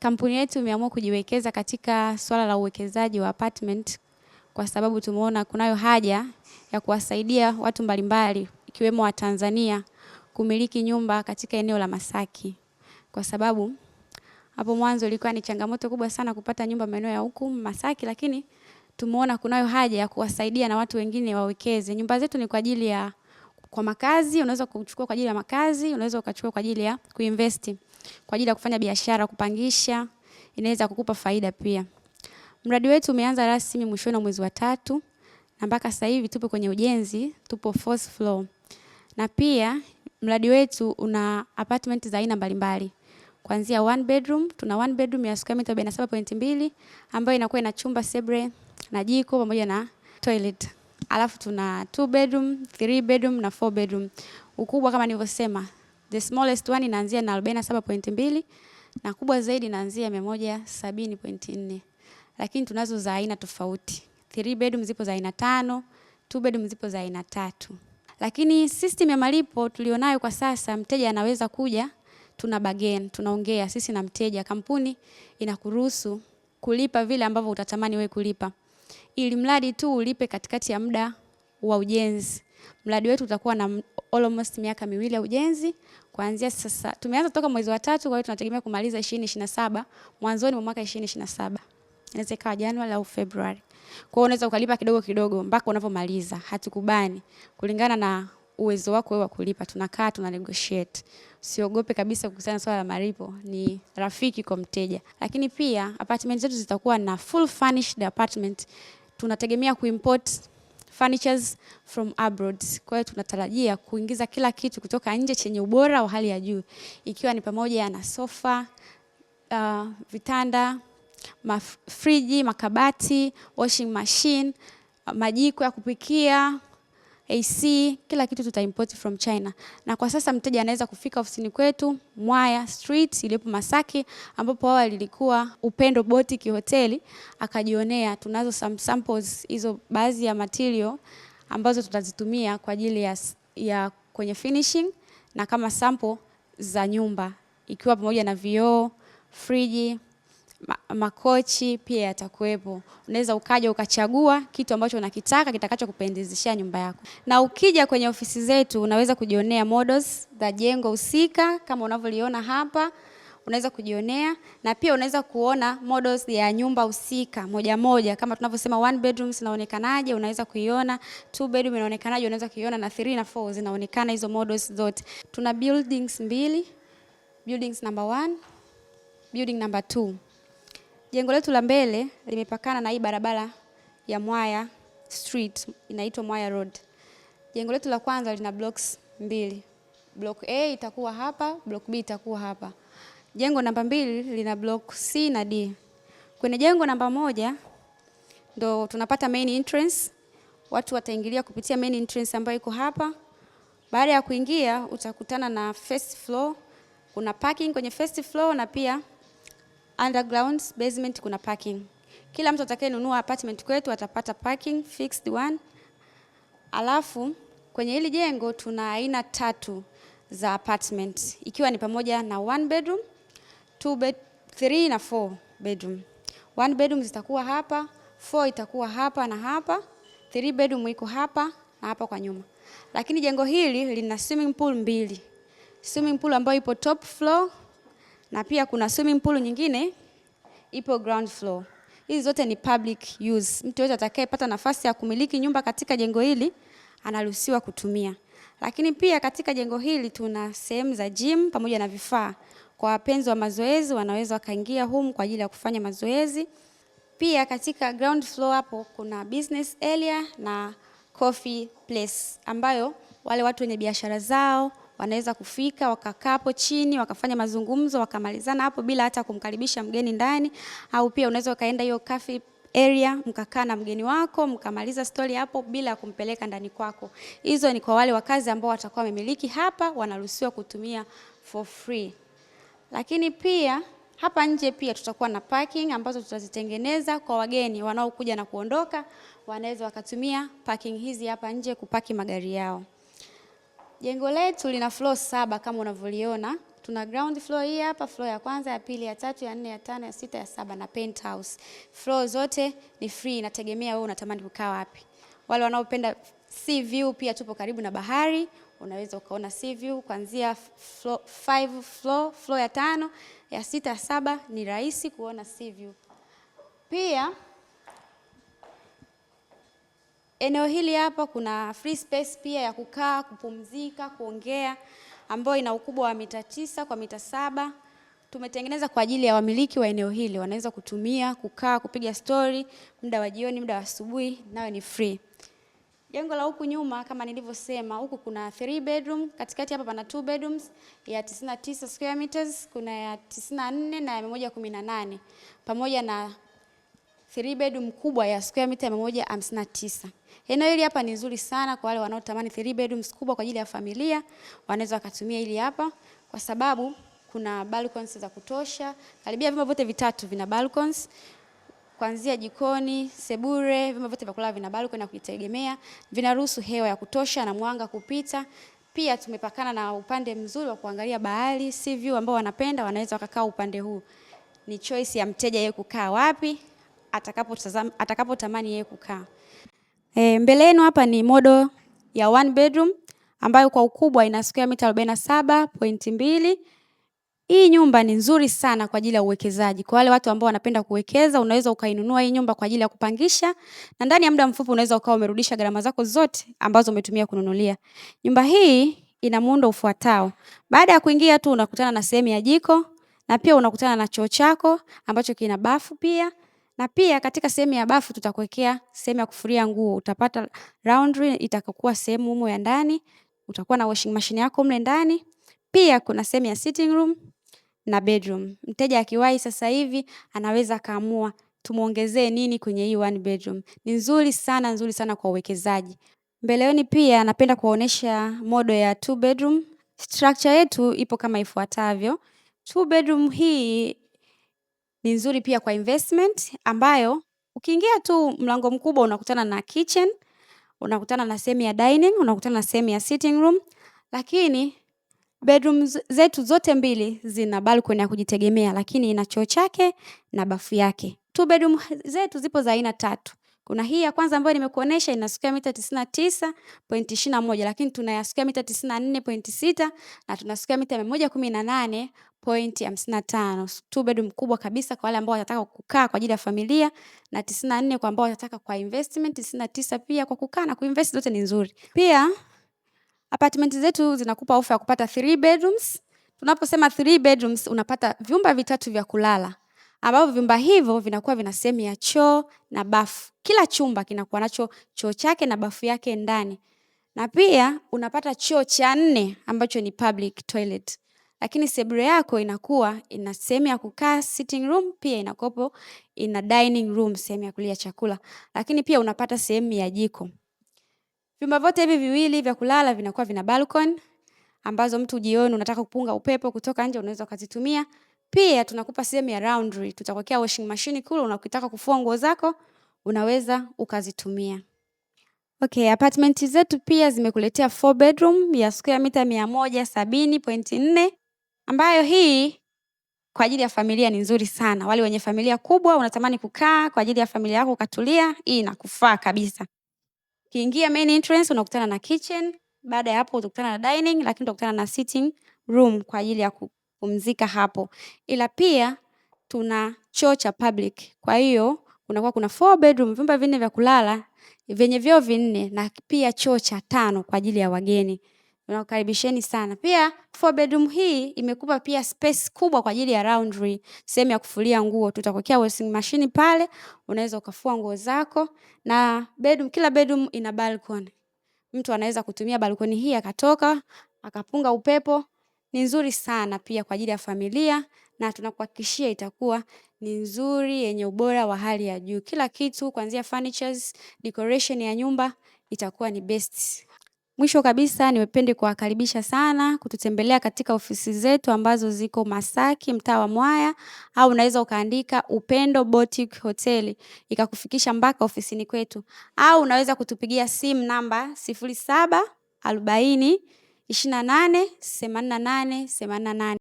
Kampuni yetu imeamua kujiwekeza katika swala la uwekezaji wa apartment kwa sababu tumeona kunayo haja ya kuwasaidia watu mbalimbali ikiwemo Watanzania kumiliki nyumba katika eneo la Masaki, kwa sababu hapo mwanzo ilikuwa ni changamoto kubwa sana kupata nyumba maeneo ya huku Masaki, lakini tumeona kunayo haja ya kuwasaidia na watu wengine wawekeze. Nyumba zetu ni kwa ajili ya kwa makazi, unaweza kuchukua kwa ajili ya makazi, unaweza ukachukua kwa ajili ya kuinvesti kwa ajili ya kufanya biashara, kupangisha, inaweza kukupa faida pia. Mradi wetu umeanza rasmi mwishoni wa mwezi wa tatu na mpaka sasa hivi tupo kwenye ujenzi, tupo fourth floor. Na pia mradi wetu una apartment za aina mbalimbali kuanzia one bedroom, tuna one bedroom ya square meter 47.2 ambayo inakuwa ina chumba sebule na jiko pamoja na toilet. Alafu tuna two bedroom, three bedroom na four bedroom. Ukubwa kama nilivyosema The smallest one inaanzia na 47.2 na kubwa zaidi inaanzia 170.4. Lakini tunazo za aina tofauti. 3 bedroom zipo za aina tano, 2 bedroom zipo za aina tatu. Lakini system ya malipo tulionayo kwa sasa, mteja anaweza kuja, tuna bargain, tunaongea sisi na mteja. Kampuni inakuruhusu kulipa vile ambavyo utatamani we kulipa, ili mradi tu ulipe katikati ya muda wa ujenzi. Mradi wetu utakuwa na almost miaka miwili ya ujenzi kuanzia sasa. Tumeanza toka mwezi wa tatu, kwa hiyo tunategemea kumaliza 2027 mwanzoni mwa mwaka 2027. Inaweza ikawa Januari au Februari. Kwa hiyo unaweza ukalipa kidogo kidogo mpaka unapomaliza. Hatukubani kulingana na uwezo wako wewe wa kulipa, tunakaa tuna negotiate. Usiogope kabisa kukusana, swala la malipo ni rafiki kwa mteja. Lakini pia apartment zetu zitakuwa na full furnished apartment. Tunategemea kuimport furnitures from abroad. Kwa hiyo tunatarajia kuingiza kila kitu kutoka nje chenye ubora wa hali ya juu ikiwa ni pamoja na sofa, uh, vitanda, mafriji, makabati, washing machine, majiko ya kupikia AC, kila kitu import from China. Na kwa sasa mteja anaweza kufika ofisini kwetu Mwaya Street iliyopo Masaki, ambapo awali ilikuwa Upendo Boutique Hotel, akajionea tunazo some samples hizo baadhi ya material ambazo tutazitumia kwa ajili ya, ya kwenye finishing na kama sample za nyumba ikiwa pamoja na vioo, friji makochi pia yatakuwepo. Unaweza ukaja ukachagua kitu ambacho unakitaka kitakachokupendezeshea nyumba yako, na ukija kwenye ofisi zetu unaweza kujionea models za jengo husika kama unavyoliona hapa unaweza kujionea na pia unaweza kuona models ya nyumba husika moja moja, kama tunavyosema one bedroom zinaonekanaje, unaweza kuiona two bedroom inaonekanaje, unaweza kuiona na three na four zinaonekana hizo models zote. Tuna buildings mbili, buildings number one, building number two. Jengo letu la mbele limepakana na hii barabara ya Mwaya Street inaitwa Mwaya Road. Jengo letu la kwanza lina blocks mbili. Block A itakuwa hapa, block B itakuwa hapa. Jengo namba mbili lina block C na D. Kwenye jengo namba moja ndo tunapata main entrance. Watu wataingilia kupitia main entrance ambayo iko hapa. Baada ya kuingia utakutana na first floor. Kuna parking kwenye first floor na pia underground basement kuna parking. Kila mtu atakayenunua apartment kwetu atapata parking fixed one. Alafu kwenye hili jengo tuna aina tatu za apartment ikiwa ni pamoja na one bedroom, two bed, three na four bedroom. One bedroom zitakuwa hapa, four itakuwa hapa na hapa, three bedroom iko hapa na hapa kwa nyuma. Lakini jengo hili lina swimming pool mbili, swimming pool ambayo ipo top floor na pia kuna swimming pool nyingine ipo ground floor. Hizi zote ni public use. Mtu yote atakayepata nafasi ya kumiliki nyumba katika jengo hili anaruhusiwa kutumia. Lakini pia katika jengo hili tuna sehemu za gym pamoja na vifaa kwa wapenzi wa mazoezi, wanaweza wakaingia humu kwa ajili ya kufanya mazoezi. Pia katika ground floor hapo kuna business area na coffee place ambayo wale watu wenye biashara zao wanaweza kufika wakakaa chini wakafanya mazungumzo wakamalizana hapo bila hata kumkaribisha mgeni ndani, au pia unaweza ukaenda hiyo kafi area mkakaa na mgeni wako mkamaliza stori hapo bila kumpeleka ndani kwako. Hizo ni kwa wale wakazi ambao watakuwa wamemiliki hapa, wanaruhusiwa kutumia for free. Lakini pia hapa nje pia tutakuwa na parking ambazo tutazitengeneza kwa wageni wanaokuja na kuondoka, wanaweza wakatumia parking hizi hapa nje kupaki magari yao. Jengo letu lina floor saba kama unavyoliona. Tuna ground floor hii hapa, floor ya kwanza, ya pili, ya tatu, ya nne, ya tano, ya sita, ya saba na penthouse. Floor zote ni free, inategemea wewe unatamani kukaa wapi. Wale wanaopenda sea view, pia tupo karibu na bahari, unaweza ukaona sea view kuanzia floor five, floor, floor ya tano, ya sita, ya saba ni rahisi kuona sea view. Pia Eneo hili hapa kuna free space pia ya kukaa, kupumzika, kuongea ambayo ina ukubwa wa mita tisa kwa mita saba. Tumetengeneza kwa ajili ya wamiliki wa eneo hili, wanaweza kutumia kukaa, kupiga stori muda wa jioni, muda wa asubuhi, nayo ni free. Jengo la huku nyuma kama nilivyosema, huku kuna 3 bedroom, katikati hapa pana 2 bedrooms ya 99 square meters, kuna ya 94 na ya 118 pamoja na 3 bedroom kubwa ya square mita 159. Eneo hili hapa ni nzuri sana kwa wale wanaotamani 3 bedrooms kubwa kwa ajili ya familia, wanaweza wakatumia hili hapa kwa sababu kuna balconies za kutosha. Karibia vyumba vyote vitatu vina balconies. Kuanzia jikoni, sebure, vyumba vyote vya kulala vina balcony na kujitegemea, vinaruhusu hewa ya kutosha na mwanga kupita. Pia tumepakana na upande mzuri wa kuangalia bahari, sea view ambao wanapenda wanaweza wakakaa upande huu. Ni choice ya mteja yeye kukaa wapi atakapotamani yeye kukaa. E, mbele yenu hapa ni modo ya one bedroom ambayo kwa ukubwa ina square mita 47.2. Hii nyumba ni nzuri sana kwa ajili ya uwekezaji. Kwa wale watu ambao wanapenda kuwekeza, unaweza ukainunua hii nyumba kwa ajili ya kupangisha na ndani ya muda mfupi unaweza ukawa umerudisha gharama zako zote ambazo umetumia kununulia. Nyumba hii ina muundo ufuatao. Baada ya kuingia tu unakutana na sehemu ya jiko na pia unakutana na choo chako ambacho kina bafu pia na pia katika sehemu ya bafu tutakuwekea sehemu ya kufulia nguo. Utapata laundry itakokuwa sehemu humo ya ndani, utakuwa na washing machine yako mle ndani. Pia kuna sehemu ya sitting room na bedroom. Mteja akiwahi sasa hivi anaweza kaamua tumuongezee nini kwenye hii one bedroom. Ni nzuri sana, nzuri sana kwa uwekezaji. Mbeleoni pia napenda kuwaonesha modo ya two bedroom. Structure yetu ipo kama ifuatavyo. Two bedroom hii ni nzuri pia kwa investment ambayo ukiingia tu mlango mkubwa unakutana na kitchen, unakutana na sehemu ya dining, unakutana na sehemu ya sitting room, lakini bedroom zetu zote mbili zina balcony ya kujitegemea, lakini ina choo chake na bafu yake. Two bedroom zetu zipo za aina tatu. Kuna hii ya kwanza ambayo nimekuonesha ina square mita 99.21 lakini tuna ya square mita 94.6 na tuna square mita 118 pointi hamsini na tano. Two bedroom kubwa kabisa kwa wale ambao watataka kukaa kwa ajili ya familia, na tisini na nne kwa ambao watataka kwa investment, tisini na tisa pia kwa kukaa na kuinvest, zote ni nzuri. Pia apartment zetu zinakupa ofa ya kupata three bedrooms. Tunaposema three bedrooms, unapata vyumba vitatu vya kulala ambavyo vyumba hivyo vinakuwa vina sehemu ya choo na bafu. Kila chumba kinakuwa nacho choo chake na bafu yake ndani, na pia unapata choo cha nne ambacho ni public toilet. Lakini sebule yako inakuwa ina sehemu ya kukaa sitting room, pia inakopo ina dining room, sehemu ya kulia chakula, lakini pia unapata sehemu ya jiko. Vyumba vyote hivi viwili vya kulala vinakuwa vina balcony ambazo mtu jioni unataka kupunga upepo kutoka nje unaweza ukazitumia. Pia tunakupa sehemu ya laundry, tutakuwekea washing machine kule unakitaka kufua nguo zako unaweza ukazitumia. Okay, apartment zetu pia zimekuletea 4 bedroom ya square mita mia moja sabini pointi nne ambayo hii kwa ajili ya familia ni nzuri sana. Wale wenye familia kubwa, unatamani kukaa kwa ajili ya familia yako ukatulia, hii inakufaa kabisa. Ukiingia main entrance unakutana na kitchen, baada ya hapo utakutana na dining, lakini utakutana na sitting room kwa ajili ya kupumzika hapo. Ila pia tuna choo cha public. Kwa hiyo kunakuwa kuna four bedroom, vyumba vinne vya kulala vyenye vyoo vinne na pia choo cha tano kwa ajili ya wageni. Nakukaribisheni sana. Pia four bedroom hii imekupa pia space kubwa kwa ajili ya laundry, sehemu ya kufulia nguo. Tutakuwekea washing machine pale, unaweza ukafua nguo zako na bedroom, kila bedroom ina balcony. Mtu anaweza kutumia balcony hii akatoka, akapunga upepo. Ni nzuri sana pia kwa ajili ya familia na tunakuhakikishia itakuwa ni nzuri yenye ubora wa hali ya juu. Kila kitu kuanzia furnitures, decoration ya nyumba itakuwa ni best. Mwisho kabisa niwapende kuwakaribisha sana kututembelea katika ofisi zetu ambazo ziko Masaki mtaa wa Mwaya au unaweza ukaandika Upendo Boutique Hotel ikakufikisha mpaka ofisini kwetu au unaweza kutupigia simu namba 0740 28 88 88.